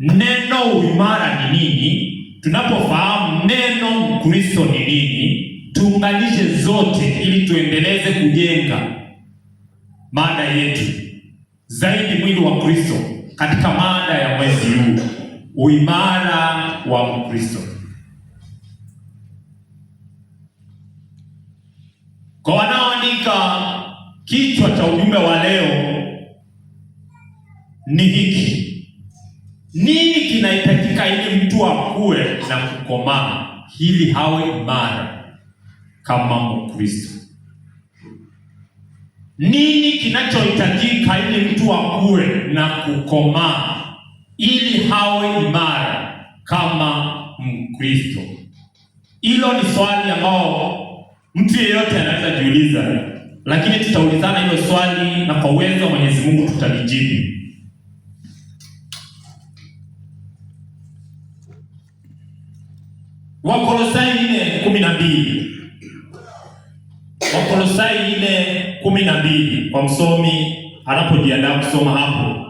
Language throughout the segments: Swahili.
neno uimara ni nini? Tunapofahamu neno Kristo ni nini, tuunganishe zote ili tuendeleze kujenga mada yetu zaidi, mwili wa Kristo, katika mada ya mwezi huu, uimara wa Mkristo. Kwa wanaoandika, kichwa cha ujumbe wa leo ni hiki nini kinahitajika ili mtu akue na kukomaa, ili hawe imara kama Mkristo? Nini kinachohitajika ili mtu akue na kukomaa, ili hawe imara kama Mkristo? Hilo ni swali ambao mtu yeyote anaweza jiuliza, lakini tutaulizana hilo swali na kwa uwezo wa Mwenyezi Mungu tutalijibu. Wakolosai 4:12. Wakolosai mbili kwa msomi anapojiandaa kusoma hapo,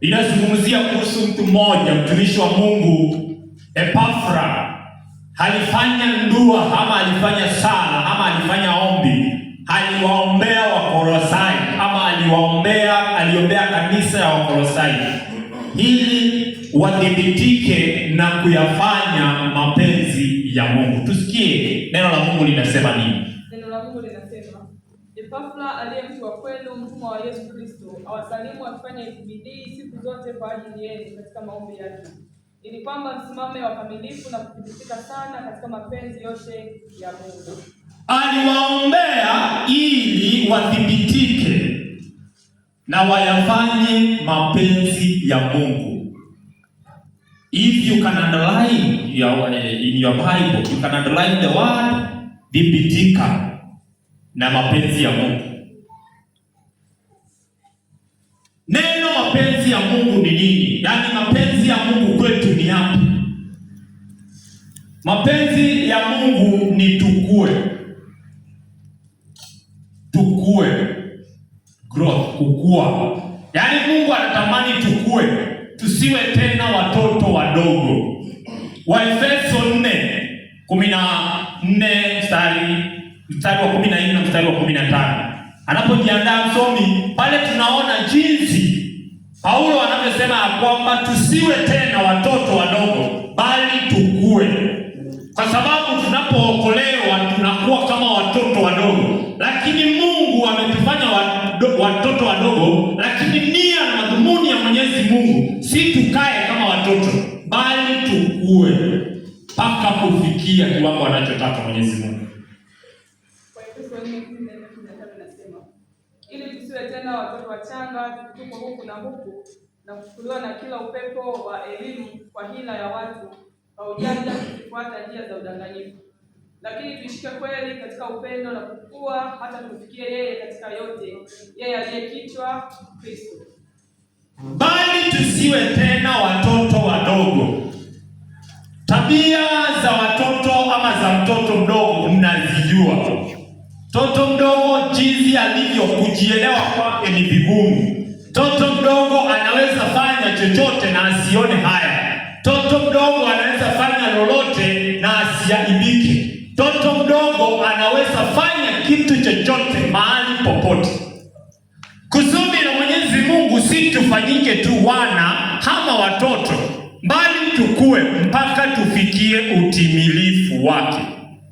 inazungumzia kuhusu mtu mmoja mtumishi wa Mungu Epafra, alifanya ndua ama alifanya sala ama alifanya ombi, aliwaombea Wakolosai ama aliwaombea, aliombea kanisa ya Wakolosai ili wathibitike na kuyafanya ya Mungu. Tusikie neno la Mungu linasema nini? Neno la Mungu linasema, Epafra aliye mtu wa kwenu, mtumwa wa Yesu Kristo, awasalimu akifanya bidii siku zote kwa ajili yenu katika maombi yake, ili kwamba msimame wakamilifu na kuthibitika sana katika mapenzi yote ya Mungu. Aliwaombea ili wathibitike na wayafanye mapenzi ya Mungu. If you can underline your, uh, in your Bible, you can underline the word dhibitika na mapenzi ya Mungu. Neno mapenzi ya Mungu ni nini? Yaani mapenzi ya Mungu kwetu ni yapi? Mapenzi ya Mungu ni tukue. Tukue. Growth, kukua. Yaani Mungu anatamani tukue tusiwe tena watoto wadogo. Waefeso nne kumi na mstari mstari wa 14 na mstari wa 15, anapojiandaa msomi pale, tunaona jinsi Paulo anavyosema ya kwamba tusiwe tena watoto wadogo, bali tukue, kwa sababu tunapookolewa tunakuwa kama watoto wadogo, lakini Mungu ametufanya watoto wadogo, lakini Tusikae kama watoto, bali tukue mpaka kufikia kiwango anachotaka Mwenyezi Mungu. Ili tusiwe tena watoto wachanga, tuko huku na huku na kuchukuliwa na kila upepo wa elimu kwa hila ya watu wa ujanja, kufuata njia za udanganyifu, lakini tuishike kweli katika upendo na kukua hata tufikie yeye katika yote, yeye aliye kichwa Kristo bali tusiwe tena watoto wadogo. Tabia za watoto ama za mtoto mdogo mnazijua. Mtoto mdogo jinsi alivyo, kujielewa kwake ni vigumu. Mtoto mdogo anaweza fanya chochote na asione haya. Mtoto mdogo anaweza fanya lolote na asiaibike. Mtoto mdogo anaweza fanya kitu chochote tufanyike tu wana kama watoto, bali tukue mpaka tufikie utimilifu wake.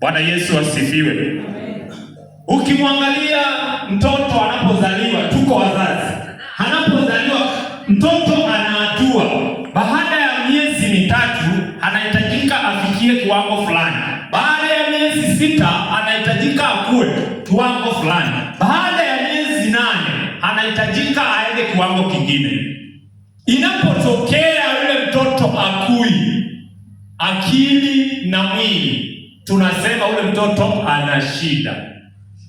Bwana Yesu asifiwe. Ukimwangalia mtoto anapozaliwa, tuko wazazi, anapozaliwa mtoto anaatua, baada ya miezi mitatu anahitajika afikie kiwango fulani, baada ya miezi sita anahitajika akue kiwango fulani, baada ya miezi nane anahitajika aende kiwango kingine. Inapotokea yule mtoto akui akili na mwili, tunasema ule mtoto ana shida.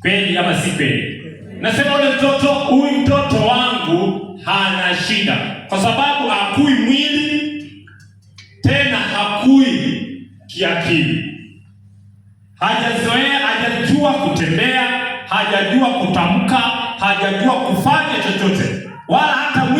Kweli ama si kweli? Nasema ule mtoto, huyu mtoto wangu hana shida, kwa sababu akui mwili tena hakui kiakili, hajazoea, hajajua kutembea, hajajua kutamka hajajua kufanya chochote wala hata